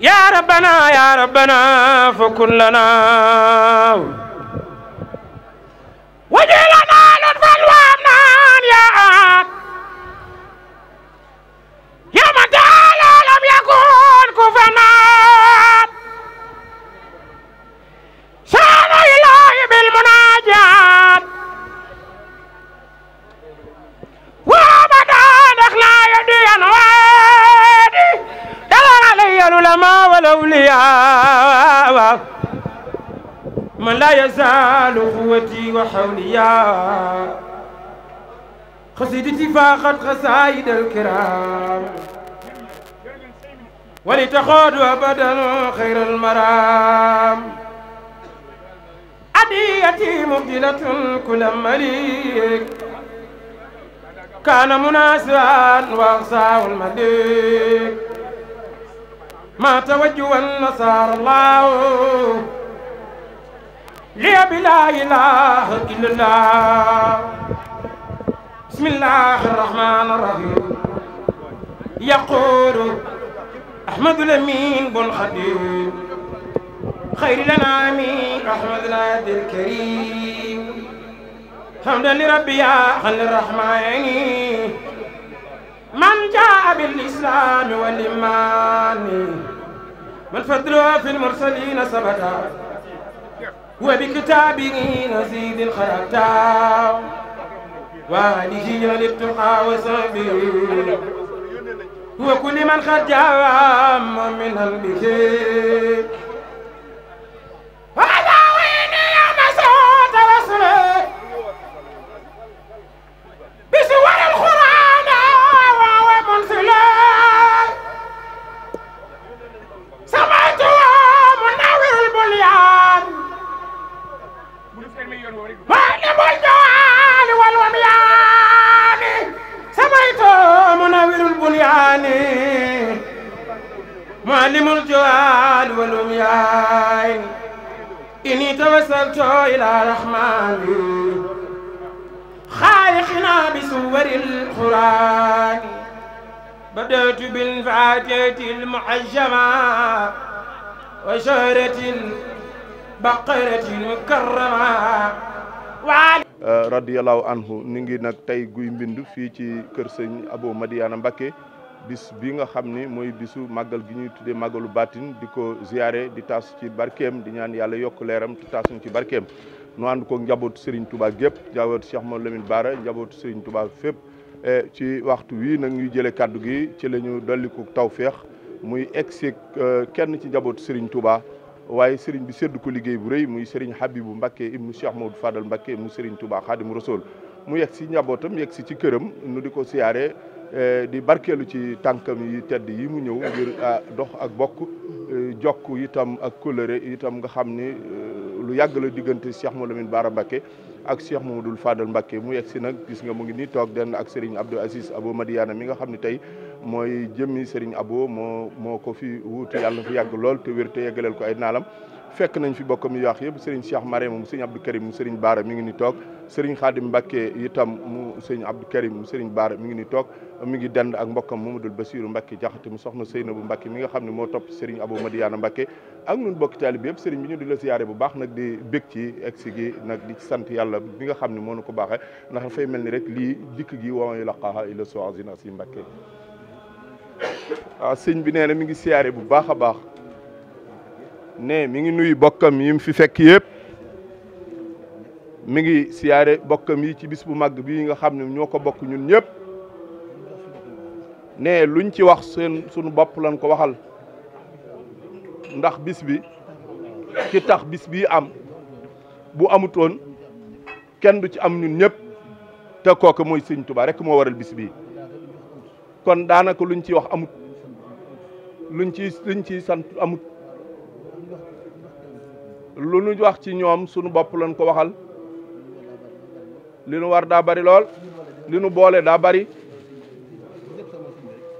يا ربنا يا ربنا فكلنا لنا وجعل من لا يزال قوتي وحولي قصيدتي فاقت قصايد الكرام ولتخوض أبدا خير المرام عديتي مبدلة كل مليك كان مناسبا واغصاه المليك ما توجه النصارى الله ليه بلا إله إلا الله بسم الله الرحمن الرحيم يقول أحمد الأمين بن خديم خير لنا امين أحمد العبد الكريم حمدا لربي يا الرحمن من جاء بالإسلام والإيمان من فضله في المرسلين سبتا وبكتابه نزيد الخلقتا وعليه للتقى وصحبه وكل من خد من البكير إلى رحمن خالقنا بسور القرآن بدأت بالفاتحة المعجمة وشهرة بقرة مكرمة آه، رضي الله عنه نيغي نك تاي غوي مبند في تي كير سيغ ابو مديان مباكي bis bi nga xam ni mooy bisu màggal gi ñuy tuddee màggalu baatin di ko ziyaare di taas ci barkeem di ñaan yàlla yokk leeram te taasuñ ci barkeem nu ànd ko njabootu Serigne Touba gépp njabootu Cheikh Mouhamadou Lamine Bara njabootu Serigne Touba fépp e ci waxtu wi nag ñuy jëlee kàddu gi ci la ñu dolliku tawféex muy egsi e, kenn ci njabootu Serigne tubaa waaye Serigne bi sédd ko liggéey bu rëy muy Serigne Habibou Mbacké ibnu Cheikh Maodou Fadal Mbacké mu Serigne Touba Khadim Rasoul mu yegg si njabootam yegg ci këram nu di ko siyaare Eh, di barkeelu ci tànkam yi tedd yi mu ñëw ngir ah, dox ak bokk eh, jokk yitam ak kóllëre itam nga xam ni eh, lu yàgg la diggante Cheikh Mouhamadou Lamine Bara Mbacké ak Cheikh dul Fadal Mbacké mu yegg si nag gis nga mu ngi nii toog den ak Serigne Abdou Aziz Abo Madiana mi nga xam ne tey mooy jëmmi Serigne Abo moo moo ko fi wuutu yàlla na fi yàgg lool te wér te yeggaleel ko ay naalam fekk nañ fi bokkam yu yaax yëpp sëriñ Cheikh Marème mu sëriñ Abdou Karim mu sëriñ Baara mu ngi ni toog sëriñ Khadim Mbacke itam mu sëriñ Abdou Karim mu sëriñ Baara mi ngi ni toog mi ngi dend ak mbokkam Mamadou Bassirou Mbacke jaxate mu soxna bu Mbacke mi nga xam ne moo topp sëriñ Abou Madiana Mbacke ak ñun bokki taalibe yëpp sëriñ bi ñu di la siyaare bu baax nag di bég ci egsi gi nag di sant yàlla bi nga xam ne moo nu ko baaxee ndax dafay mel ni rek lii dikk gi la laqaaha illa su'azin asi Mbacke ah, waaw sëñ bi nee na mi ngi siyaare bu baax a baax ne mi ngi nuyu bokkam yi mu fi fekk yépp mi ngi siyaare bokkam yi ci bis bu mag bii nga xam ne ñoo ko bokk ñun ñëpp ne luñ ci wax seen sunu bopp lañ ko waxal ndax bis bi ci tax bis bii am bu amutoon kenn du ci am ñun ñëpp te kooku mooy sëñ Tuubaa rekk moo waral bis bii kon daanaka luñ ci wax amut luñ ci ci sant amut lu ñu wax ci ñom sunu bop lañ ko waxal li ñu war da bari lol li ñu boole da bari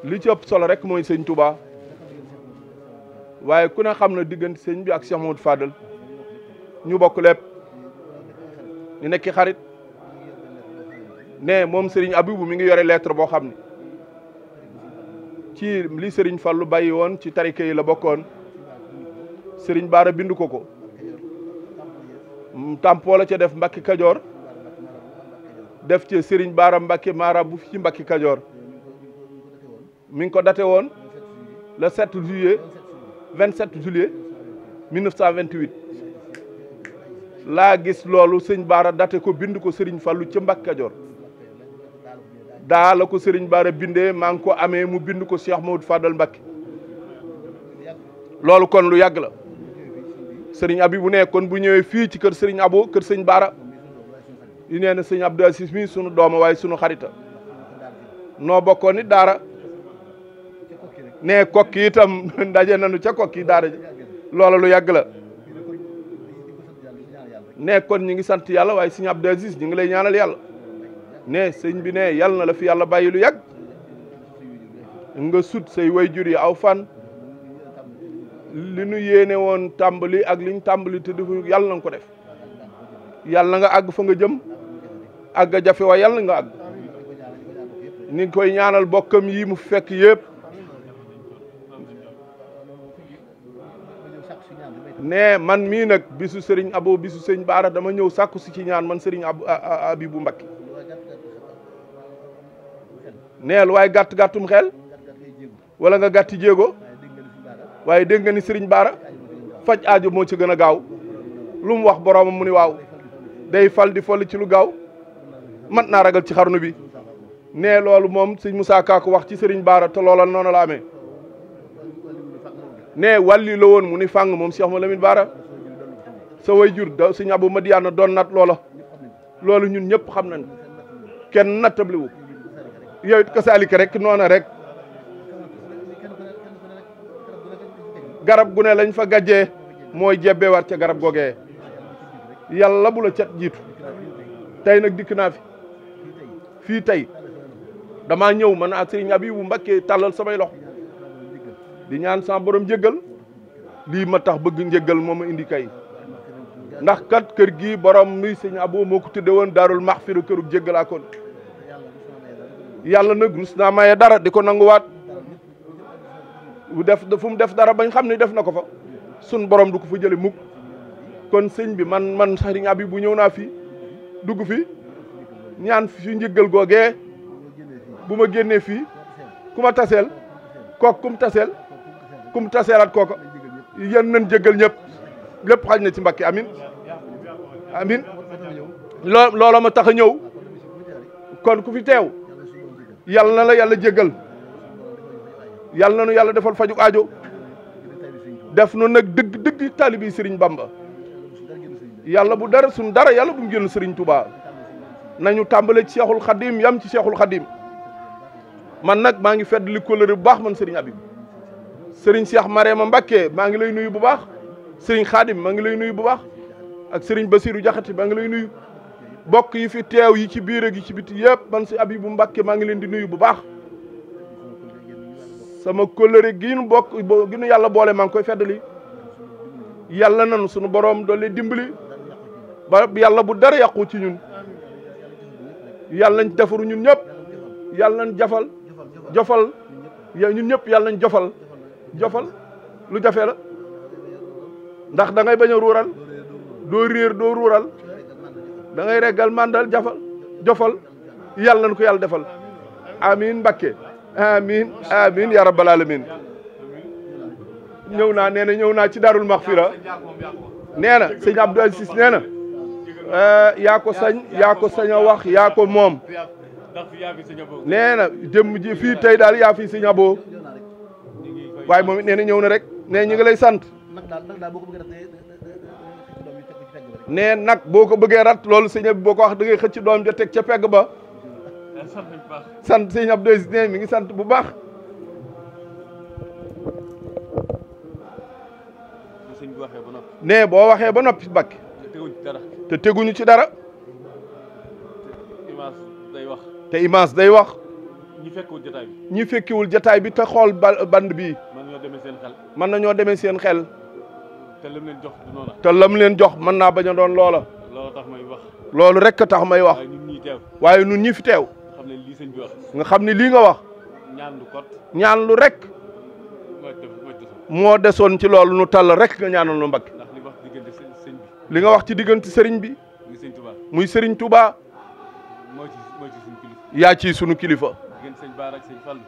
li ci ëpp solo rek moy sëñ Touba waye ku ne xam na diggante bi ak Cheikh mohamed Fadal ñu bokk lepp ni nekk xarit ne moom Serigne Abibou mi ngi yoré lettre bo xamni ci li Serigne fallu bayiwon ci la bokkon Serigne Bara bindu koko Tampoo la ca def Mbacke Kajoor def ci Serigne Baara Mbacke Mara bu ci Mbacke Kajoor mi ngi ko daté woon le 7 juillet 27 juillet 1928 laa gis loolu sëñ Baara date ko bind ko Serigne Fallou ci Mbacke Kajoor daa ko Serigne Baara bindee maa ngi ko amee mu bind ko Cheikh Maodo Fadal Mbacke loolu kon lu yàgg la. Sering abi bu ne kon bu ñëwee fi ci kër serigne abo kër serigne bara yi néna serigne abdou assis mi suñu dooma way suñu xarita no bokkoon ni daara ne kokki itam ndaje nañu ca kokki dara loolu lu yagg la ne kon ñi ngi sant yalla way serigne abdou assis ñi ngi lay ñaanal yalla ne serigne bi ne yalla na la fi yalla bàyyi lu nga sut say way aw fan li nu yéene woon tàmbali ak liñ tàmbali te defuñu yàlla na nga ko def yàlla nga àgg fa nga jëm àgg jafe waa yàlla nga àgg ni koy ñaanal bokkam yi mu fekk yépp ne man mii nag bisu sëriñ abo bisu sëriñ baara dama ñëw sàkku si ci ñaan man sëriñ abibu mbakki neel waaye gàtt gàttum xel wala nga gàtti jéego waaye dégg nga ni Serigne Bara faj aajo moo ci gën a gaaw lu mu wax boroomam mu ni waaw day fal di fol ci lu gaaw mat naa ragal ci xarnu bi nee loolu moom sëñ Moussa Kaaku wax ci Serigne Bara te loola noonu la amee nee wàlli la woon mu ni fàng moom Cheikh Malamine Bara sa way jur da sëñ Abou Madiana doon nat loola loolu ñun ñëpp xam nañ kenn nattabli wu yow it kasaalika rek noona rek garab gu ne lañ fa gajee mooy jebbe war ca garab googee yàlla bu la cat jiitu tey nag dikk naa fi fii tey damaa ñëw ma man a sëriñ Abibu Mbakke tàllal samay lox di ñaan sa borom njëggal lii ma tax bëgg njëggal moo ma indi kay ndax kat kër gi borom muy sëñ Abo moo ko tudde woon daarul maxfira kërug jéggalaakoon yàlla nag rus naa maye dara di ko nanguwaat def fu mu def dara bañ xam ne def na ko fa sun borom du ko fa jële mukk kon sëñ bi man man sëriñ Abi bu ñëw naa fii dugg fi ñaan fi njëggal googee bu ma génnee fii ku ma taseel kook kum taseel kum taseelaat kooka yéen nañ jëggal ñëpp lépp xaj na ci mbakki amin amin loo loola ma tax a ñëw kon ku fi teew yàlla na la yàlla jëggal Yalla nu yalla defal fajuk aajo def nu nak deug deug talibi Serigne Bamba yalla bu dara sun dara yalla bu ngeen Serigne Touba nañu tambale ci Cheikhul Khadim yam ci Cheikhul Khadim man nak ma ngi fedd li kóllëre bu baax man Serigne Habib Serigne Cheikh Marema Mbacké ma ngi lay nuyu bu baax Serigne Khadim ma ngi lay nuyu bu baax ak Serigne Basirou jaxati maa ngi lay nuyu bok yi fi tew yi ci biir ak yi ci biti yeb man ci Habibou Mbacké ma ngi len di nuyu bu baax. sama kóllëre gi nu bokk gi nu yàlla boole maa ngi koy feddali yàlla nanu sunu boroom doole dimbali ba yàlla bu dara yàqu ci ñun yàlla nañ defaru ñun ñëpp yàlla nañ jafal jofal ñun ñëpp yàlla nañ jofal jofal lu jafe la ndax dangay bañ a ruural doo réer doo ruural dangay ngay reggal màndal jafal jofal yàlla nañ ko yàlla defal amiin Mbàkke amin amin ya rabbal alamin ñëw naa nee na ñëw naa ci daarul maxfira nee na sëñ Abdou Aziz nee na eh, yaa ko sañ yaa ko sañ a wax yaa ko moom nee na jëmm ji fii tey daal yaa fi sëñ waaye moom it nee ñëw na rek nee ñu ngi lay sant nee nag boo ko bëggee rat loolu sëñ bi boo ko wax dangay ngay xëcc doom ja teg ca peg ba sant sëñ Abdou Aziz ne mi ngi sant bu baax. ne boo waxee ba noppi Mbàkke. te teguñu ci dara. te teguñu ci dara. te image day wax. te image day wax. ñi fekkiwul jataay bi. ñi fekkiwul jataay bi te xool band bii. mën nañoo demee seen xel. mën nañoo demee seen xel. te lam leen jox du noonu. te lam leen jox mën naa bañ a doon loola. tax may wax. loolu rek tax may wax. waaye ñun ñii fi teew. nga xam ni nga wax. ñaan lu rek. mo desoon ci loolu nu tal rek nga ñaanal lu mbak li nga wax ci diggante serigne bi. muy serigne Touba. ci sunu kilifa.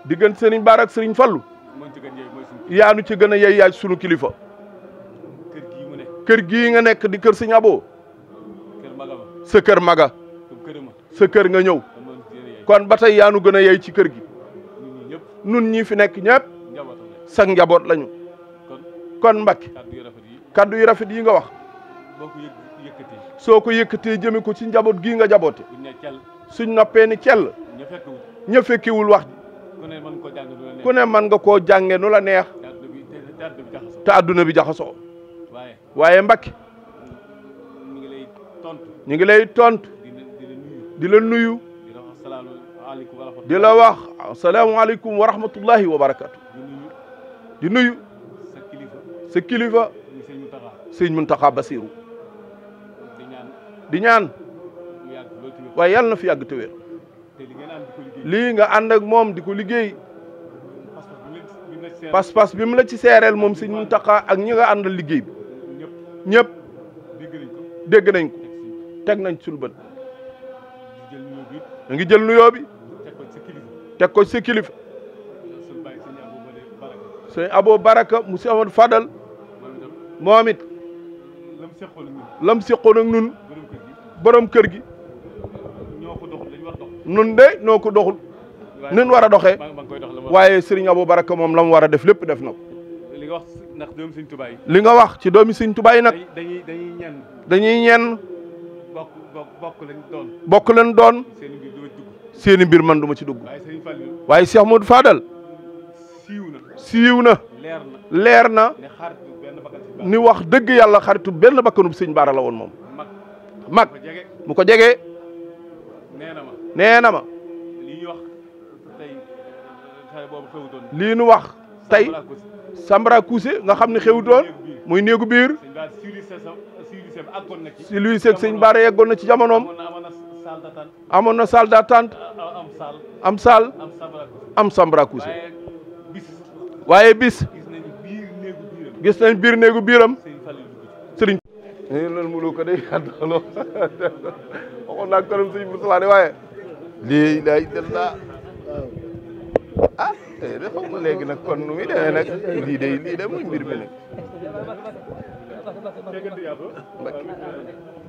diggante sëriñ barak serigne Fallu. ya nu ci gëna yey ya ci sunu kilifa. kër gi nga nek di kër serigne Abo. se kër maga. se kër nga ñew kon ba tey yaanu gën a yey ci kër gi nun ñi fi nekk ñëpp sa njaboot lañu kon Mbacke kaddu yu rafet yi nga wax soo ko yëkkatee jëme ko ci njaboot gii nga jaboote suñ noppee ni cell ña fekkiwul wax ku ne mën nga koo jànge nu la neex te adduna bi jaxasoo waaye Mbacke ñu ngi lay tontu di la nuyu di la wax alaykum wa rahmatullahi wa barakatuh di nuyu sa kilifa seigne muntaha Basiru di ñaan waaye yàlla na fi yag te wér lii nga and ak mom diko liggey pas-pas bi mu la ci serel mom seigne muntaha ak ñi nga àndal liggey ñep nañ ko nañ jël nuyo bi teg si kilifa sëñ Abo Baraka mu si amoon Fadal moom it lam seqoon ak nun borom kër gi nun de noo ko doxul nun war a doxee waaye sëriñ Abo Baraka moom la mu war a def lépp def na ko li nga wax ci doomi sëñ Tuubaa yi dañuy ñenn bokk lañ doon bokk lañ doon seeni mbir man du ma ci dugg waaye Cheikh Modou Fadal siiw na siiw na leer na ni wax dëgg yàlla xaritu benn bakkanub sëñ Baara la woon moom mag mu ko jege nee na ma lii ñu wax tey Sambara Kousé nga xam ne xewutoon muy néegu biir si luy sëg sëñ Baara yeggoon na ci jamonoom na salle d'attente am salle am Sambara Kousé waaye bis gis nañ biir néegu biiram sëriñ eh, lal mulu ko tey de xaw ma léegi mi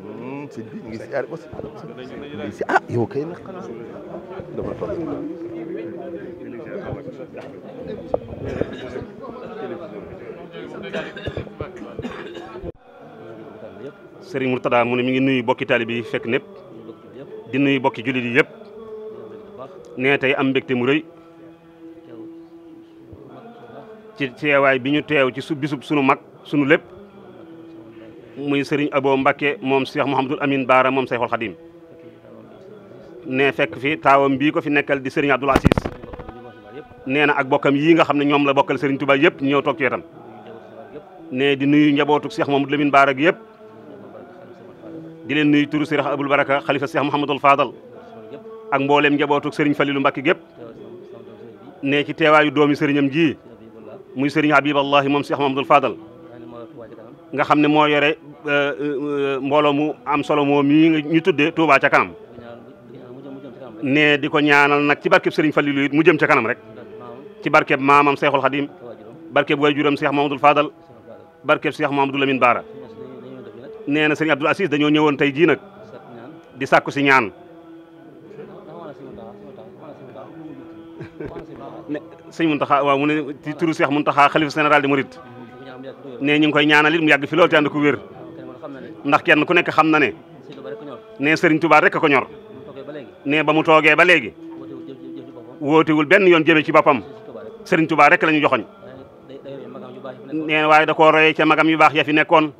hmm, ngi si àll ah, ne mi ngi nuyu bokki taalibe yi fekk népp di nuyu bokki jullit yi yëpp nee am mbégte mu rëy. ci teewaay bi ñu teew ci su bisub sunu mag sunu lépp muy sëriñ Abo Mbakke moom Cheikh Mouhamadul Amin Baara moom Cheikhul Khadim ne fekk fi taawam bii ko fi nekkal di sëriñ Abdoul Aziz nee na ak bokkam yii nga xam ne ñoom la bokkal sëriñ Touba yëpp ñëw toog ci wetam ne di nuy njabootu Cheikh Mouhamadul Amin Baara gi yëpp di leen nuy turu sëriñ Abul Baraka xalifa Cheikh Mouhamadul Fadal ak mbooleem njabootu sëriñ Falilou Mbakke gépp ne ci teewaayu doomi sëriñam muy sëriñ Habiballahi moom Cheikh Mamadou Fadal nga xam ne moo yore euh, euh, mu am solo moom mii ñu tuddee Touba ca ne di ko ñaanal nag ci barkeb sëriñ Fallilu mu jëm ca kanam rek ci barkeb maamam Cheikhul Khadim barkeb waajuram Cheikh Mamadou Fadal barkeb Cheikh Mamadou Lamine Baara nee na sëriñ Abdoul Aziz dañoo ñëwoon tey jii nag di sàkku si ñaan ne sëñ Muntaxa waaw mu ne ci turu Seex ne ñu ngi koy ñaanal it mu fi loolu ko wér ndax kenn ku nekk xam na ne ne Sëriñ Tuubaa rek ko ñor ne ba mu toogee ba léegi wóotewul benn yoon jëme ci boppam Sëriñ Tuubaa rek la ñu joxoñ ne waaye da koo royee ca magam yu baax ya fi nekkoon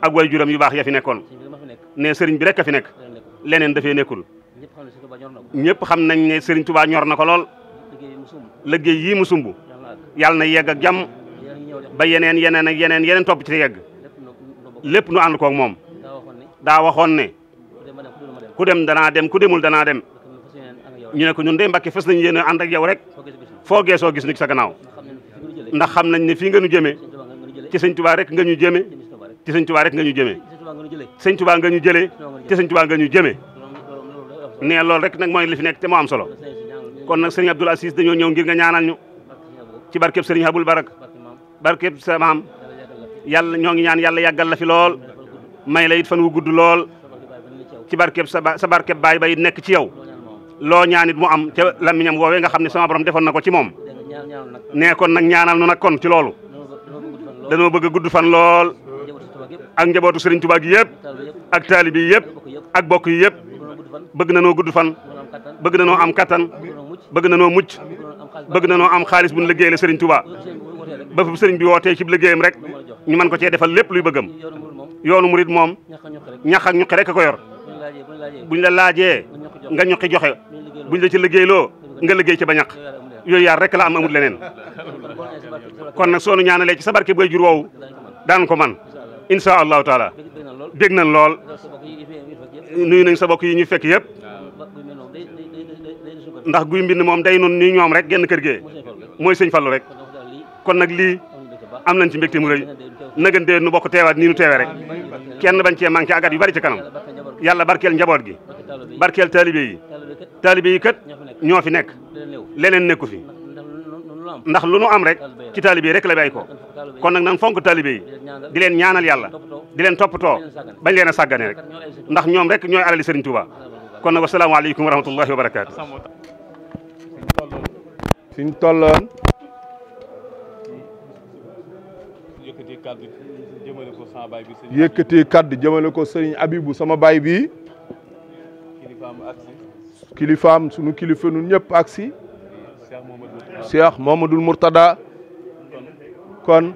ak way juram yu baax ya fi nekkoon ne sëriñ bi rek a fi nekk leneen dafee nekkul ñëpp xam nañ ne Sëriñ Tuubaa ñor na ko lool liggéey yii mu sumb yal na yegg ak jàmm ba yeneen yeneen ak yeneen yeneen topp ci yegg lépp nu ànd koog moom daa waxoon ne ku dem danaa dem ku demul dana dem ñu ne ko ñun de Mbàkke fas nañu yéen a ak yow rek foo geesoo gis nu ci sa gannaaw ndax xam nañ ne fii nga nu jëmee ci sëñ Tuubaa rek nga ñu jëmee ci sëñ Tuubaa rek nga ñu jëmee sëñ Tuubaa nga ñu jëlee ci sëñ Tuubaa nga ñu jëmee nee loolu rek nag mooy li nekk te moo am solo kon nag sëriñ Abdoul Aziz dañoo ñëw ngir nga ñaanal ñu ci barkeb sëriñ Abul Barak barkeb sa maam yàlla ñoo ngi ñaan yàlla yàggal la fi lool may la it fan wu gudd lool ci barkeb sa sa barkeb baay ba nekk ci yow loo ñaan it mu am ca làmmiñam woowee nga xam ne sama borom defoon na ko ci moom ne kon nag ñaanal nu nag kon ci loolu dañoo bëgg a gudd fan lool ak njabootu sëriñ Tuubaa gi yëpp ak taalibi yëpp ak bokk yi yëpp bëgg na noo gudd fan bëgg na noo am kattan bëgg na noo mucc bëgg na noo am xaalis bu ñu liggéeyee la sëriñ Touba ba fu sëriñ bi wootee ci liggéeyam rek ñu mën ko cee defal lépp luy bëggam yoonu murit moom ñax ak ñuqi rek a ko yor buñ la laajee nga ñuqi joxe buñ la ci liggéeyloo nga liggéey ci ba ñaq yooyu yaar rek la am amul leneen kon nag soonu ñaanalee ci sa barke bay jur woowu daan ko man incha allahu taala dégg nañ lool nuyu nañ sa bokk yi ñu fekk yëpp ndax guy mbind moom day noonu ni ñoom rek genn kër gee mooy sëñ fallu rek kon nag lii am nañ ci mbégte mu rëy nëgën dee nu bokk teewaat nii nu teewee rek kenn bañ cee manqué agat yu bari ci kanam yàlla barkeel njaboot gi barkeel taalibe yi taalibe yi kat ñoo fi nekk leneen nekku fi ndax lu nu am rek ci taalibe yi rek la bay ko kon nag nan fonk taalibe yi di leen ñaanal yàlla di leen toppatoo bañ leen a sàggane rek ndax ñoom rek ñooy alali kon nag wasalaamaaleykum wa rahmatullahi wa barakaatu. fi ñu kaddu jëmale ko sama bi. Abibu sama baay bi. kilifaam sunu kilifa nu ñep aksi Cheikh Momadou murtada kon.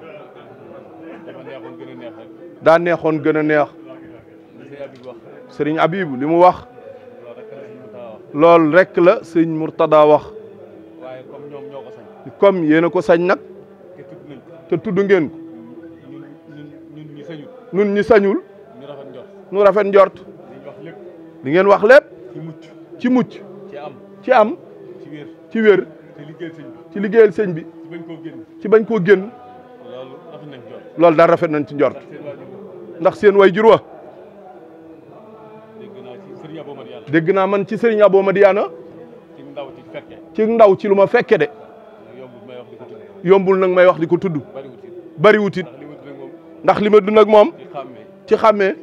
da neexoon gëna neex. serigne Abibu limu wax. loolu rekk la sëñ Mourtada wax waaye comme ñoo ko sañ comme yéen a ko sañ nag te tudd ngeen ko ñi sañul ñun ñi sañul rafet njort li ngeen wax lépp ci mucc ci am ci am ci wér ci wér ci liggéeyal sëñ bi ci bañ koo génn ci loolu daal rafet nañ ci njort ndax seen way wa dégg naa man ci Serigne Abo Madiyana ci ndaw ndaw ci lu ma fekke de yombul nag may wax di ko tudd bariwut it ndax li ma dund ak moom ci xàmmee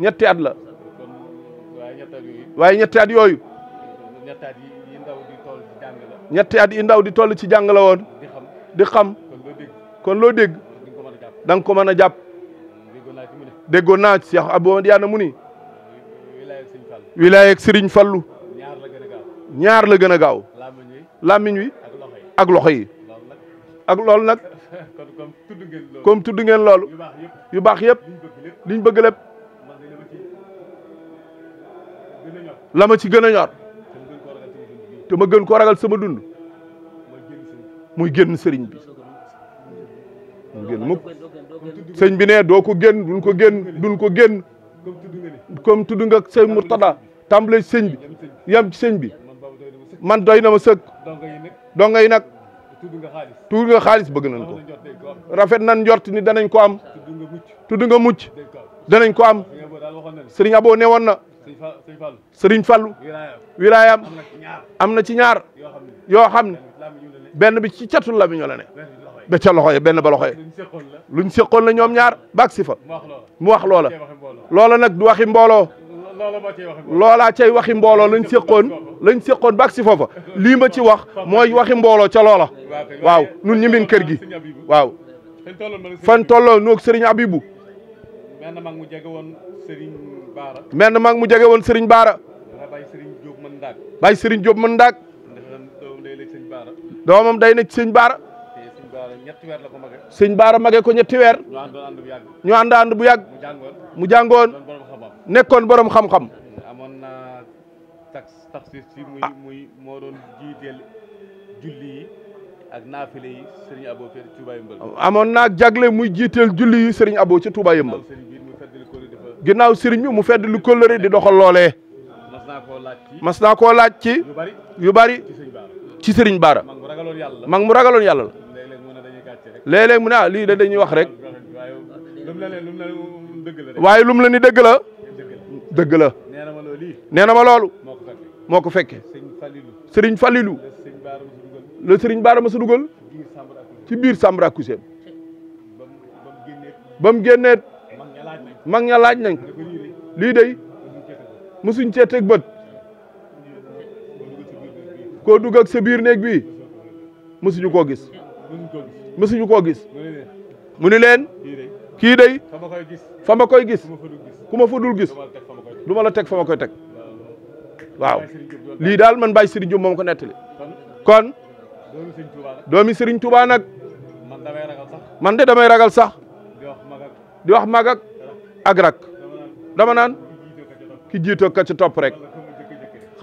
ñetti at la waaye ñetti at yooyu ñetti at yi ndaw di toll ci jàng la woon di xam kon loo dégg da ko mën a jàpp déggoon naa Cheikh Abou Madiyana mu ni wilaay ak Serigne Fallu ñaar la gën a gaaw làmmiñ wi ak loxo yi ak loolu nag comme tudd ngeen loolu yu baax yëpp liñ bëgg lépp la ci gën a ñor te ma gën koo ragal sama dund muy génn sëriñ bi mu génn mukk sëñ bi ne doo ko génn duñ ko génn duñ ko génn comme tudd nga sëñ Murtada tàmbale ci sëñ bi yem ci bi man doy na ma sëkk donga yi nag tudd nga xaalis bëgg nañ ko rafet nañ njort ni danañ ko am tudd nga mucc danañ ko am sëriñ Abo ne woon na fal Fallu wilaayam am na ci ñaar yoo xam ne benn bi ci catul la bi ñu da ca loxo ya benn ba loxo ya luñ seqoon la ñoom ñaar baag si fa mu wax loola loola nag du waxi mbooloo loolaa cay waxi mbooloo lañ seqoon lañ seqoon baag si foofa lii ma ci wax mooy waxi mbooloo ca loola waaw nun ñi kër gi waaw fan tolloo noog sëriñ Abibu menn mag mu jege woon sëriñ Baara menn mag mu jege woon sëriñ Baara bàyyi sëriñ Jóob mën ndaag bàyyi doomam day nekk sëriñ Baara ñetti weer la ko sëñ Baara mage ko ñetti weer. ñu ànd ànd bu yàgg. ñu ànd bu yàgg. mu jàngoon mu jàngoon. nekkoon borom xam-xam. amoon na tax taxis ci muy ah. naa jagle muy jiiteel julli yi sëriñ Abo ci Touba Yëmbal. ginnaaw sëriñ bi mu fedd lu kóllëre di doxal loolee. mas naa koo laaj ci. yu bari yu bari. ci sëriñ Baara. mag mu ragaloon yàlla léeg mu ne ah lii da dañuy wax rek waaye lum la ni dëgg la dëgg la nee na ma loolu moo ko fekke sëriñ Falilou la sëriñ Baara ma sa ci biir Sambara Kuseen ba mu génneet mag ña laaj nañ lii day musuñ cee teg bët koo dugg ak sa biir néeg bi musuñu koo gis mësuñu koo gis mu ni leen kii day fa koy gis ku ma fa gis du ma la teg fa ma teg waaw lii daal man Baye Serigne Diop moom ko nettali kon doomi Serigne Touba nag man de damay ragal sax di wax mag ak dama naan ki jiitoo ka ci topp rek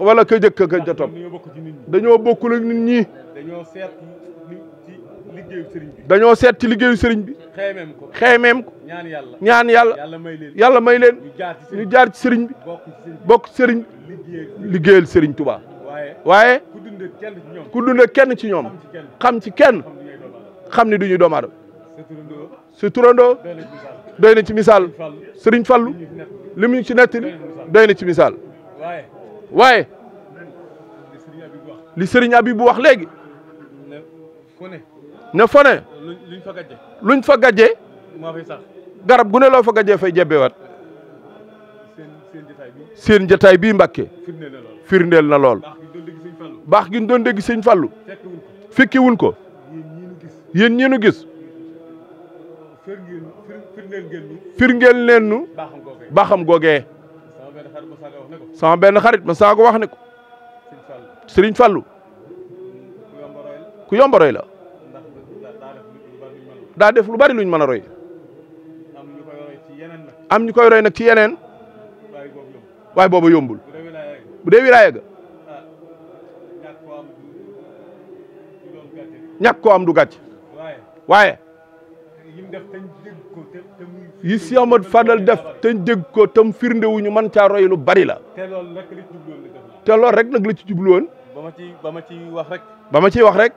wala ka jëkk ka ca topp dañoo bokkul ak ñi dañoo seet ci liggéeyu sëriñ bi xeemeem ko ñaan yàlla yàlla may leen ñu jaar ci sëriñ bi bokk ci sëriñ bi liggéeyal sëriñ Tuubaa waaye ku dund kenn ci ñoom xam ci kenn xam ni du ñuy doomu ci misaal sëriñ Fallu li ci nettali doy na ci misaal waaye li sëriñ Abibu wax léegi. ne fone luñ fa gajje luñ fa gajje moo garab gu ne loo fa gajjee fay jebbewaat seen jataay bii Mbàkke firndeel na lool baax gi doon dégg sëñ Fallu fekki wuñ ko yéen ñi nu gis firndeel leen nu baaxam googee sama benn xarit ma saago wax ne ko sëriñ Fallu ku yomboroy la daa def lu bari luñ mën a roy. am ñu koy roy nag ci yeneen. waaye boobu yombul. bu dee wilaaya ga ah, ñàkk am du gàcc. waaye. yi si Amadou Fadal def te ñu ko tam firnde wu ñu mën roy lu bari la. te rek nag la ci jublu woon. ba ma ci wax rek. ba ciy wax rek.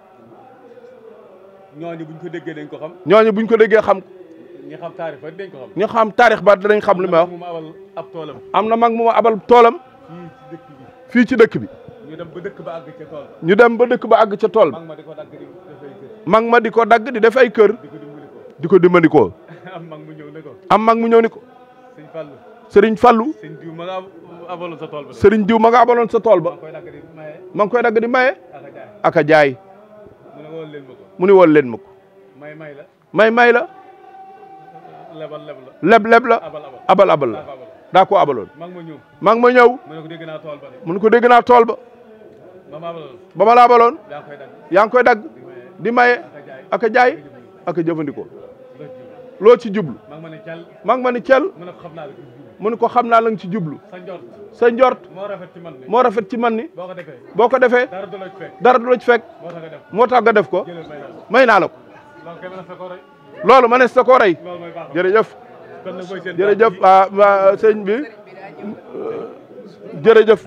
ñooñu buñ ko déggee dañ ko xam. ñooñu buñ ko déggee xam. ñi xam taarix ba dañ ko xam. ñi xam taarix ba dinañ xam li ma wax. am na mag mu abal toolam. fii ci dëkk bi. ñu dem ba dëkk ba àgg ca tool ñu dem ba dëkk mag ma di ko dagg di def ay kër. di ko dimbali ko. am mag mu ñëw ne ko. am mag mu ñëw ne ko. sëriñ Fallou. sëriñ Fallou. sëriñ diw ma nga abaloon sa tool ba. sëriñ diw ma abaloon sa tool ba. ma ngi koy dagg di maye. aka jaay. mu ni woon leen ma ko. may may la may may la. lebal leb la leb leb la. abal abal la da ko abaloon. maa ma ñëw maa ngi ma ñëw. dégg naa tool ba mu ne ko dégg naa tool ba. ba ma abaloon la abaloon. yaa ngi koy dagg di maye ak a jaay ak a loo ci jublu maa ma ni maa ngi ma ni cel. mu ne ko xam naa la nga ci jublu sa njort moo rafet ci man ni boo ko defee dara du la ci fekk moo tax nga def ko may naa la ko loolu ma ne sa koo rey jërëjëf ah, ah, jërëjëf waa sëñ bi jërëjëf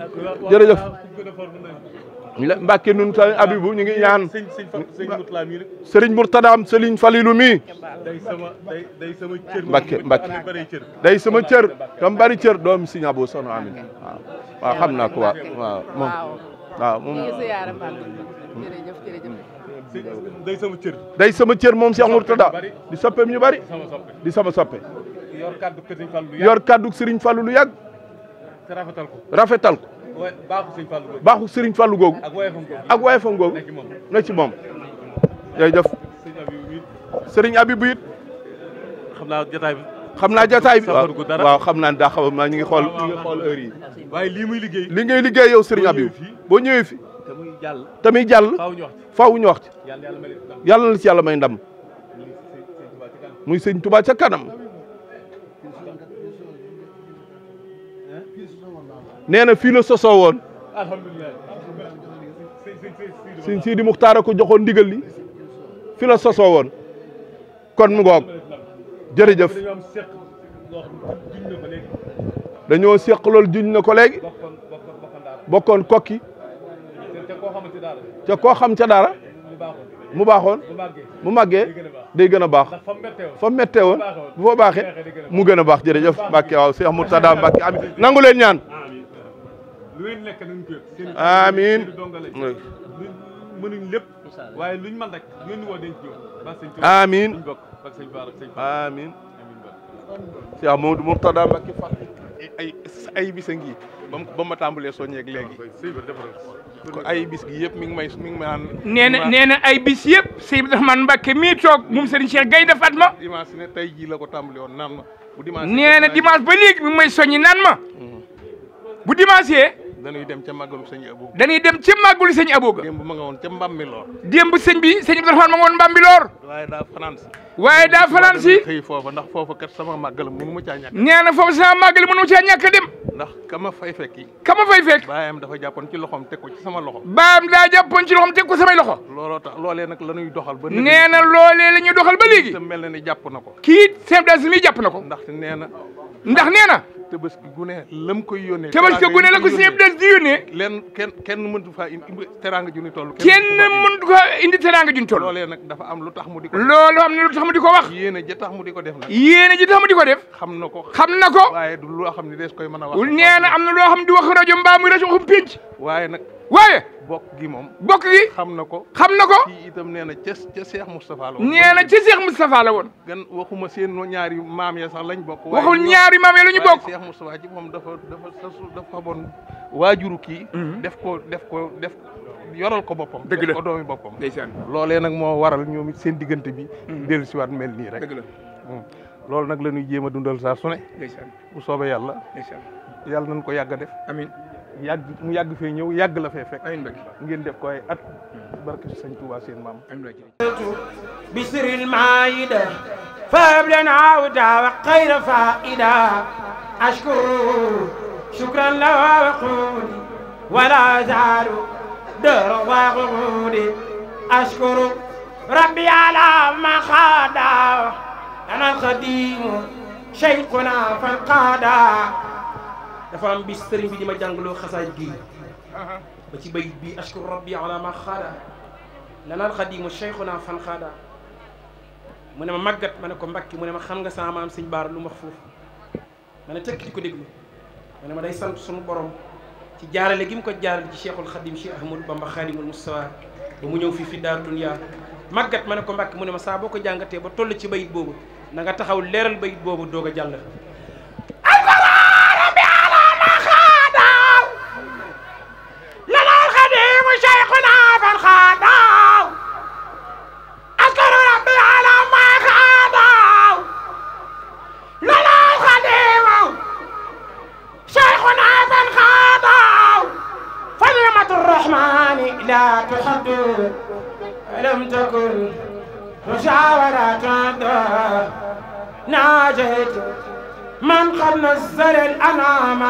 jërëjëf Mbàkke nun sa Abibu ñu ngi ñaan Serigne am Serigne Falilu mi day sama day sama cër tam bari cër doom Serigne Abou Sono amin waaw ah, waaw ah, xam ah, iya ya, ko waaw waaw moom waaw moom day sama cër day sama cër moom Cheikh Mourtada di soppeem ñu bari di sama soppe yor kaddu Serigne Fallou yor ya. kaddu Serigne Fallou ya. lu rafetal ko rafetal ko baaxu Serigne Fallou googu ak woyefam googu na ci moom jërëjëf Serigne Abibou it xam naa jotaay bi xam naa jotaay bi ah, waaw xam naa daa xaw ma ñu ngi xool ñu ngi yi waaye lii muy liggéey li ngay liggéey yow Serigne Abibou boo ñëwee fi tamit jàll faaw ñu wax ci yàlla na la ci yàlla may ndam muy sëñ Touba ca kanam nee na fii la sosoo woon alhamdulilah sëñ Sidi ko joxoon ndigal li fi la sosoo woon kon mu ngoog jërëjëf dañoo seq lool juñ na ko léegi bokkoon kokki ca koo xam ca dara mu baaxoon mu màggee day gën a baax fa mettee woon bu fa baaxee mu gën a baax jërëjëf Mbàkke waaw Cheikh Murtada Mbàkke ami nangu leen ñaan lu ngeen nekk nañ ko yëg amiin mënuñ lépp waaye luñ mën rek ngeen woo denc ñëw amiin amiin Cheikh Mamadou Mourtada ay ay bisa ngi bam ba ma tàmbalee soññeeg léegi kon ay bis gi yëpp mi ngi may mi ngi may naan nee na nee na ay bis yëpp Seydi Abdourahmane Mbacké mii toog moom Serigne Cheikh Gaynde Fatma dimanche ne tey jii la ko tàmbale woon naan ma bu dimanche nee na dimanche ba léegi mi may soññi naan ma mm. bu dimanche dañuy dem ca màggalu sëñ Abooga. dañuy dem ca màggalu sëñ Abooga. démb ma nga woon ca Mbambilor. démb sëñ bi sëñ bi dafa ma nga woon Mbambilor. waaye daa waaye daa fanaan si. xëy foofa ndax foofa kat sama màggal mënu ma caa ñàkk. nee na a dem. ndax kama fay fekk yi kama fay fekk baayam dafa jàppoon ci loxoom teg ko ci sama loxo baayam daa jàppoon ci loxoom teg ko samay loxo looloo tax loolee nag la ñuy doxal ba nee na loolee la ñuy doxal ba léegi te mel na ni jàpp na ko kii seen daal si muy jàpp na ko ndax nee na ndax nee na tabaski gune lam koy yónnee. tabaski gune la ko sëñ Abdou Aziz di yónnee. leen kenn kenn mëntu faa indi teraanga junni toll. kenn mëntu ko indi teraanga junni toll. loolee nag dafa am lu tax mu di ko. loolu am na lu tax mu di ko wax. yéene ji tax mu di ko def nag. yéene ji xam na ko xam na ko. waaye du loo xam ne des koy mën a wax. loo xam ne di wax rajo mbaa muy rajo waxum pénc. waaye nag. waaye. bokk gi moom. bokk na ko. xam na ko kii itam nee na ca ca Cheikh Moustapha la woon. nee na ca Cheikh Moustapha la woon. gan waxuma seen ñaari maam ya sax lañ bokk. waxul ñaari maam ya la ñu bokk Cheikh Moustapha ci moom dafa dafa sasu dafa xamoon waajuru kii mhm. def ko def ko def yoral ko boppam dëgg ko doomi boppam ndeysaan loolee nag moo waral ñoom seen diggante bi mhm. dellu si waat mel nii rek dëgg la mhm. loolu nag la ñuy jéem a dundal saa su ne bu soobee yàlla yàlla nañ ko yàgg def amiin yàgg mu yàgg fee ñëw yàgg la fee fekk ngeen def ko ay at barke si sëñ Touba seen maam bi siril maayida فابلا عودا وقير فائدا اشكر شكرا لو عقولي ولا زالوا دور وغولي اشكر ربي على ما خادا انا القديم شيخنا فانقادا دفعن بيسترين بدي ما جانجلو خساج جي بتي بي اشكر ربي على ما خادا انا القديم شيخنا فانقادا mu ne ma màggat ma ne ko mbakki mu ne ma xam nga sama maam sëñ baar lu ma foofu ma ne tekk di ko déglu mu ne ma day sant sunu borom ci jaarale gi mu ko jaarale ci cheikhul xadim cheikh ahmadou bamba xaalimul mustafa ba mu ñëw fii fi daal dunya màggat ma ne ko mbakki mu ne ma saa boo ko jàngatee ba toll ci bayit boobu na nga taxaw leeral bayit boobu doog a jàll نزل الأنام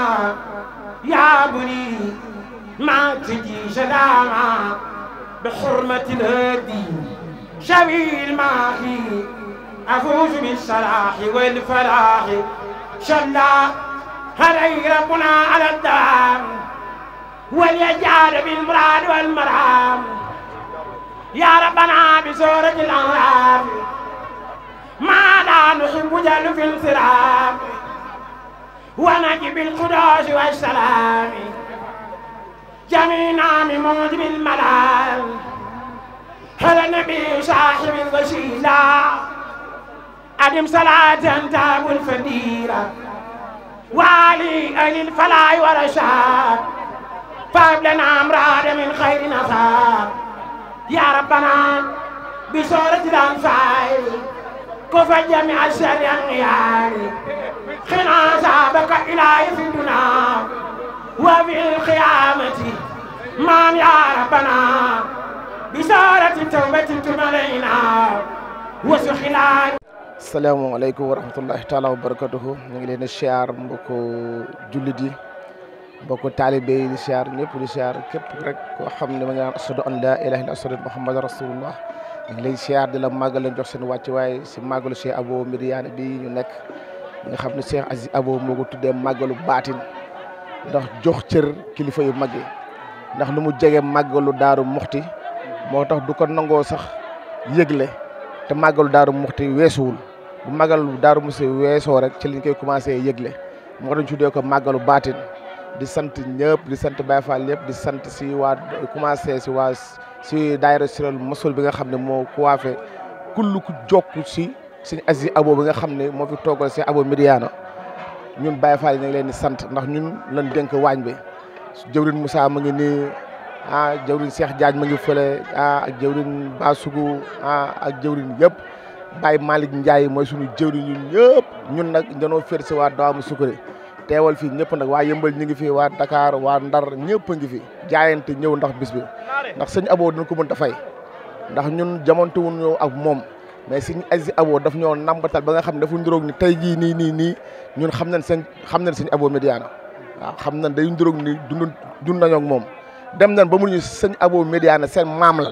يا بني ما تجي شلاما بحرمة الهدي شوي الماهي أفوز بالصلاح والفلاح شلا هل ربنا على الدام وليجعل بالمراد والمرام يا ربنا بزورة الأنعام ما لا نحب جل في الانصراف ونجب القدوس والسلام جميعنا من موجب الملام هل النبي صاحب الوسيلة أدم صلاة تاب الفديرة وعلي أهل الفلاح والرشاد لنا أمراض من خير نصاب يا ربنا بصورة الأنفال كفى جميع الشر النيال قنا سابك إلى يسدنا وفي القيامة من يا ربنا بشارة توبة تملينا وسخلان salaamaaleykum wa rahmatullahi taala wa barakatuhu ñu ngi leen di siyaar mbokku jullit yi mbokku ñëpp di siyaar képp rek koo xam ma ngi naan an laa ilaaha illa ashadu muhammad rasulullah ngi lay siyaar di la màggal leen jox seen wàcc waaye si màggalu Cheikh Abo Midiane bi ñu nekk nga xam ne Cheikh Aziz Abo moo ko tuddee màggalu baatin ndax jox cër kilifa yu mag yi ndax nu mu jege màggalu daaru moxti moo tax du ko nangoo sax yëgle te màggalu daaru muxti weesuwul bu màggalu daaru muxti weesoo rek ci liñ koy commencé yëgle moo tax ñu tuddee ko màggalu baatin di sant ñëpp di sant Baye Fall yëpp di sant si waa commencé si waa si daayira Sirel bi nga xam ne moo coiffé kull ku jokk si suñu asi abo bi nga xam ne moo fi toogal si abo Midiana ñun Baye Fall ñu ngi leen di sant ndax ñun lan dénk waañ bi su Moussa mu ngi nii ah jëwrin Cheikh Diagne mu ngi fële ah ak jëwrin Basugu ah ak jëwrin yëpp Baye Malick Ndiaye mooy suñu jëwrin ñun ñëpp ñun nag danoo fér si waa Dawam Sukkari teewal fii ñëpp nag waa yëmbal ñu ngi fi waa Dakar waa Ndar ñëpp a ngi fi jaayante ñëw ndax bis ndax sëñ aboo dañ ko mën a fay ndax ñun jamonte wuñu ak moom mais Serigne Aziz Abo daf ñoo nambatal ba nga xam ne dafa nduróog ni tey jii nii nii nii ñun xam nañ seen xam nañ Serigne aboo Médiana waaw xam nañ day nduróog ni dund dund nañoo moom dem nañ ba mu ñu Serigne Abo Médiana seen maam la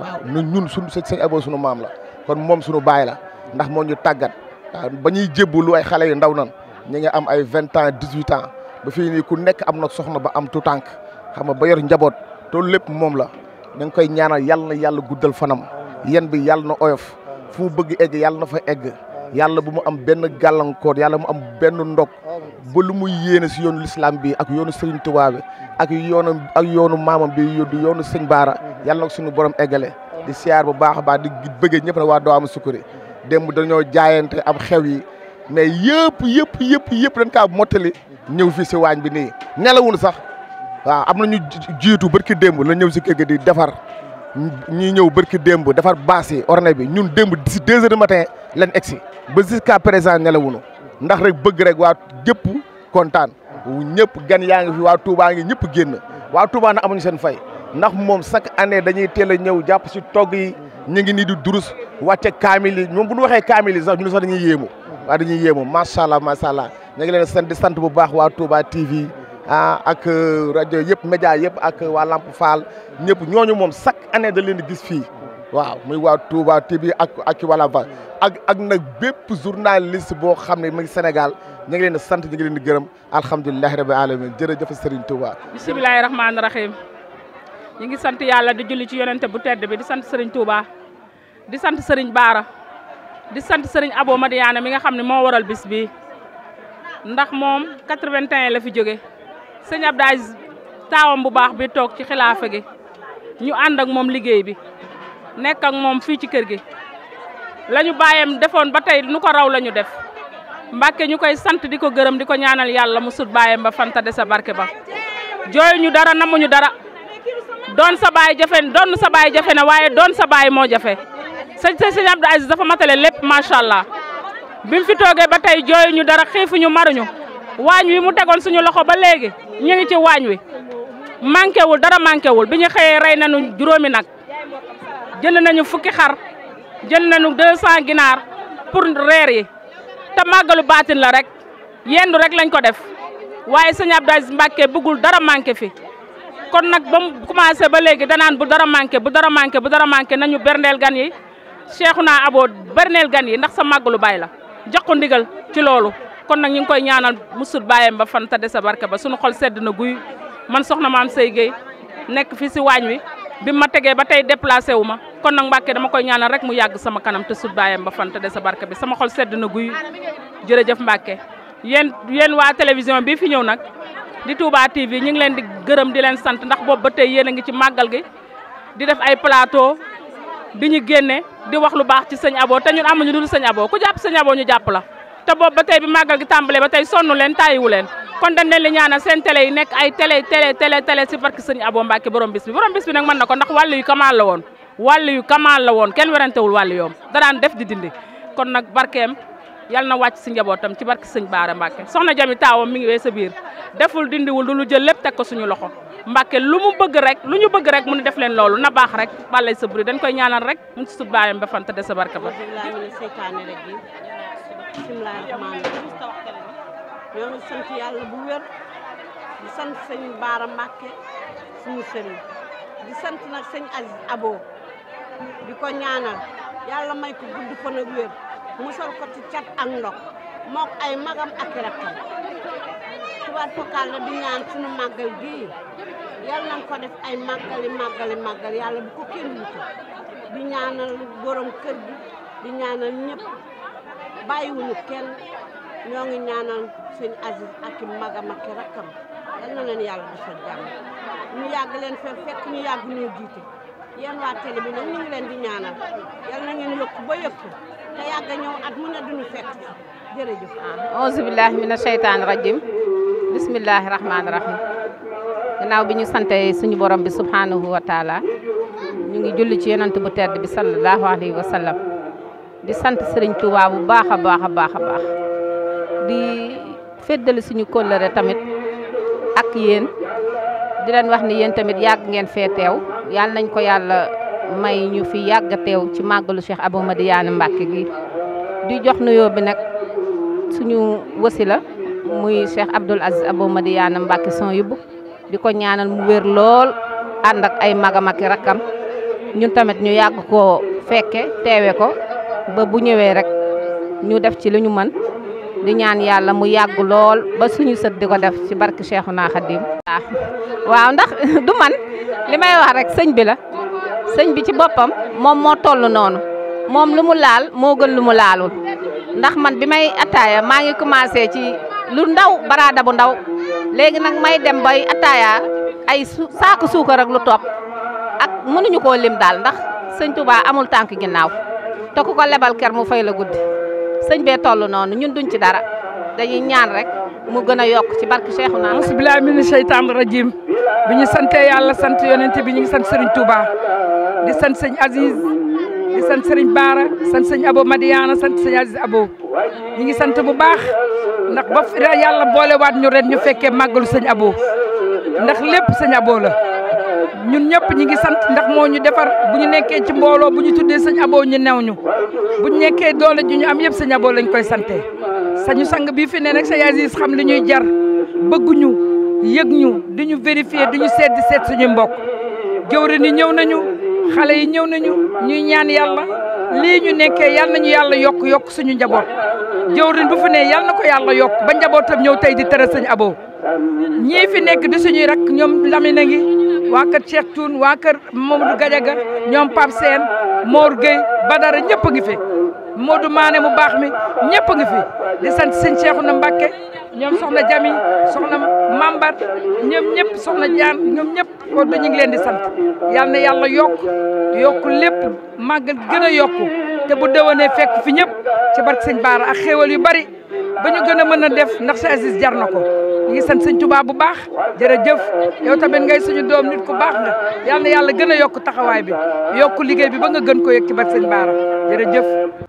waaw ñun ñun suñ Serigne Abo suñu maam la kon moom suñu baay la ndax moo ñu tàggat ba ñuy lu ay xale yu ndaw nan ñi nga am ay vingt ans dix-huit ans ba fii nii ku nekk am na soxna ba am tu tànk xam nga ba yor njaboot te lépp moom la da nga koy ñaanal yàlla na yàlla guddal fanam yéen bi yàlla na oyof fu mu bëgg egg yàlla na fa egg yàlla bu mu am benn gàllankoor yàlla mu am benn ndog ba lu mu yéene si yoonu lislaam bii ak yoonu Serigne Touba ak yoonu ak yoonu maamam bi yoonu Sëñ Baara yàlla na ko suñu borom eggale di siyaar bu baax a baax di bëgge ñëpp na waa Doomu Sukuri démb dañoo jaayante am xew yi mais yëpp yëpp yëpp yëpp dañ kaa mottali ñëw fii si waañ bi nii nelawul sax waaw am nañu jiitu barki démb la ñëw si kër di defar ñuy ñëw bërki démb defar baas yi orne bi ñun démb si deux heures du matin lañ egsi ba jusqu'à présent nelawuñu ndax rek bëgg rek waa jëpp kontaan ñëpp gan yaa ngi fi waa Touba ngi ñëpp génn waa Touba na amuñu seen fay ndax moom chaque année dañuy teel a ñëw jàpp si togg yi ñu ngi nii di durus wàcce kaamil yi ñoom bu ñu waxee kaamil yi sax ñun sax dañuy yéemu waa dañuy yéemu macha allah macha allah ñu ngi leen sant di bu baax waa Touba TV ah ak euh, rajo yëpp média yëpp ak waa Lamp Fall ñëpp ñooñu moom chaque année da leen di gis fii waaw muy waa Touba TV ak ak wala ba ak ak nag bépp journaliste boo xam ne mu ngi Sénégal ñu ngi leen sant ñu ngi leen di gërëm alhamdulilah rabi alamin jërëjëf Serigne Touba. bisimilah rahmaani rahim ñu ngi sant yàlla di julli ci yonente bu tedd bi di sant Serigne Touba di sant sëriñ Baara di sant Serigne Abo Madiane mi nga xam ne moo waral bis bi ndax moom 81 la fi jóge sëñ Abdou Aziz taawam bu baax bi toog ci xilaafa gi ñu ànd ak moom liggéey bi nekk ak moom fii ci kër gi la ñu bàyyam defoon ba tey nu ko raw la ñu def Mbàkke ñu koy sant di ko gërëm di ko ñaanal yàlla mu sut bàyyam ba fanta de sa barke ba jooyuñu dara namuñu dara doon sa baay jafe doon sa baay jafe na waaye doon sa baay moo jafe sëñ sa Abdou Aziz dafa matale lépp macha allah bi mu fi toogee ba tey jooyuñu dara xiifuñu maruñu waañ wi mu tegoon suñu loxo ba léegi ñu ngi ci waañ wi manqué wul dara manqué wul bi ñu xëyee rey nañu juróomi nag jënd nañu fukki xar jënd nañu 200 ginaar pour reer yi te màggalu la rek yendu rek lañ ko def waaye sëñ Abdou Aziz Mbacké bëggul dara manqué fi kon nag ba mu commencé ba léegi danaan bu dara manqué bu dara manqué bu dara manqué nañu berndeel gan yi Cheikhouna Abo berndeel gan yi ndax sa màggalu baay la jox ko ndigal ci loolu kon nag ñu ngi koy ñaanal musul bàyyam ba fan te dese barke ba suñu xol sedd na guy man soxna maam Sey Gueye nekk fi si waañ wi bi ma tegee ba tey déplacé wu ma kon nag Mbàkke dama koy ñaanal rek mu yàgg sama kanam te sut baayeem ba fan te dese barke bi sama xol sedd na guy jërëjëf Mbàkke yéen yéen waa télévision bi fi ñëw nag di Touba TV ñu ngi leen di gërëm di leen sant ndax boobu ba tey yéen a ngi ci màggal gi di def ay plateau bi ñu génnee di wax lu baax ci sëñ Abo te ñun amuñu dul sëñ Abo ku jàpp sëñ Abo ñu jàpp la te boobu ba tey bi màggal gi tàmbalee ba tey sonnu leen tàyyiwu leen kon dañ leen li ñaanal seen télé nekk ay télé télé télé télé si barke sëñ Abo Mbacke borom bis borom bis bi nag na ko ndax wàllu yu kamaan la woon wàllu yu kamaan la woon kenn werantewul wàllu yoom da daan def di dindi kon nag barkeem yal na wàcc si njabootam ci barke sëñ Baara Mbacke soxna Jami taawam mi ngi wee sa biir deful dindiwul du lu jël lépp teg ko suñu loxo Mbacke lu mu bëgg rek lu ñu bëgg rek mu ne def leen loolu na baax rek bàllay sa buri dañ koy ñaanal rek mun si baayam ba fan te de sa barke ba ñoo ngi sant yàlla bu di sant sëñ Baara Mbacke suñu sëriñ nag sëñ Aziz Abo di ko ñaanal yàlla may ko gudd fan wér mu sol ko ci cat ak ndok ay magam ak rakkam tubaat fokaal la di ñaan sunu màggal gii yàlla nañ ko def ay màggali màggali màggal yàlla bu ko kenn wuute di ñaanal kër gi di ñaanal ñëpp bàyyiwuñu kenn ñoo ngi ñaanal seen Aziz ak i magam ak i rakkam yal na leen yàlla defal jàmm ñu yàgg len fa fekk ñu yàgg ñoo jiite yéen waa télé bi nag ñu ngi leen di ñaanal yal na ngeen yokk ba yëkk te yàgg ñëw at mu ne duñu fekk jërëjëf. Ah, auzu billahi mina sheytaani rajim bismillahi rahmaani rahim gannaaw bi ñu sante suñu borom bi subhanahu wa taala ñu ngi julli ci yonent bu tedd bi sallallahu alayhi wa sallam di sant Serigne Touba bu baax a baax a baax a baax di feddali suñu kóllëre tamit ak yéen. di leen wax ni yéen tamit yàgg ngeen fee teew yàlla nañ ko yàlla may ñu fi yàgg a teew ci màggalu Cheikh Abou Madiyana Mbacke gi di jox nuyoo bi nag suñu wasila muy Cheikh Abdoul Aziz Abou Madiyana Mbacke son yóbbu di ko ñaanal mu wér lool ànd ak ay magam ak rakkam ñu tamit ñu yàgg ko fekke teewe ko ba bu ñëwee rek ñu def ci li ñu mën di ñaan yàlla mu yàgg lool ba suñu sët di ko def ci barke Cheikhouna Khadim waaw ndax du man li may wax rek sëñ bi la sëñ bi ci boppam moom moo toll noonu moom lu mu laal moo gën lu mu laalul ndax man bi may attaaya maa ngi commencé ci lu ndaw baraada bu ndaw léegi nag may dem bay attaaya ay saaku suukar ak lu topp ak mënuñu ko lim daal ndax sëñ Touba amul tànk ginnaaw te ku ko lebal ker mu fay la guddi sëñ bee toll noonu ñun duñ ci dara dañuy ñaan rek mu gën a yokk ci barke Cheikh naa bismilaahi mina seytaani rajiim bi ñu sante yàlla sant yonent bi ñu ngi sant sëriñ Touba di sant sëñ Aziz di sant sëriñ Baara sant sëñ Abo Madiana sant sëñ Aziz Abo ñu ngi sant bu baax ndax ba yàlla boole waat ñu ren ñu fekkee màggalu sëñ Abo ndax lépp sëñ Abo la ñun ñëpp ñi ngi sant ndax moo ñu defar bu ñu nekkee ci mbooloo bu ñu tuddee sëñ aboo ñu new ñu bu ñu nekkee doole ji ñu am yëpp sëñ aboo lañ koy sante sañu sang bii fi ne nag sa Aziz xam li ñuy jar bëgguñu yëg ñu di ñu vérifier di ñu seet di seet suñuy mbokk jëwriñ yi ñëw nañu xale yi ñëw nañu ñuy ñaan yàlla lii ñu nekkee yal nañu yàlla yokk yokk suñu njaboot jëwriñ bu fi ne yal ko yàlla yokk ba njabootam ñëw tey di tere sañ aboo ñii fi nekk di suñuy rak waa kër Cheikh Toune waa kër Mamadou Gadiaga ñoom Pape Sène Mor Gueye Badara ñëpp a ngi fi Modou Mané mu baax mi ñëpp a ngi fi di sant sëñ na Mbacké ñoom soxna Jami soxna Mambar ñoom ñëpp soxna Jaan ñoom ñëpp kon dañu ngi leen di sant yal na yàlla yokk yokk lépp màggal gën a yokku te bu déwénee fekk fi ñëpp ci barke sëñ Baara ak xéewal yi bari ba ñu gën a mën a def ndax sa Aziz jar na ko ñu ngi sant sëñ Tuubaa bu baax jërëjëf yow tamit ngay suñu doom nit ko baax nga yal na gën a yokk taxawaay bi yokku liggéey bi ba nga gën ko yëg ci bat sëñ Baara jërëjëf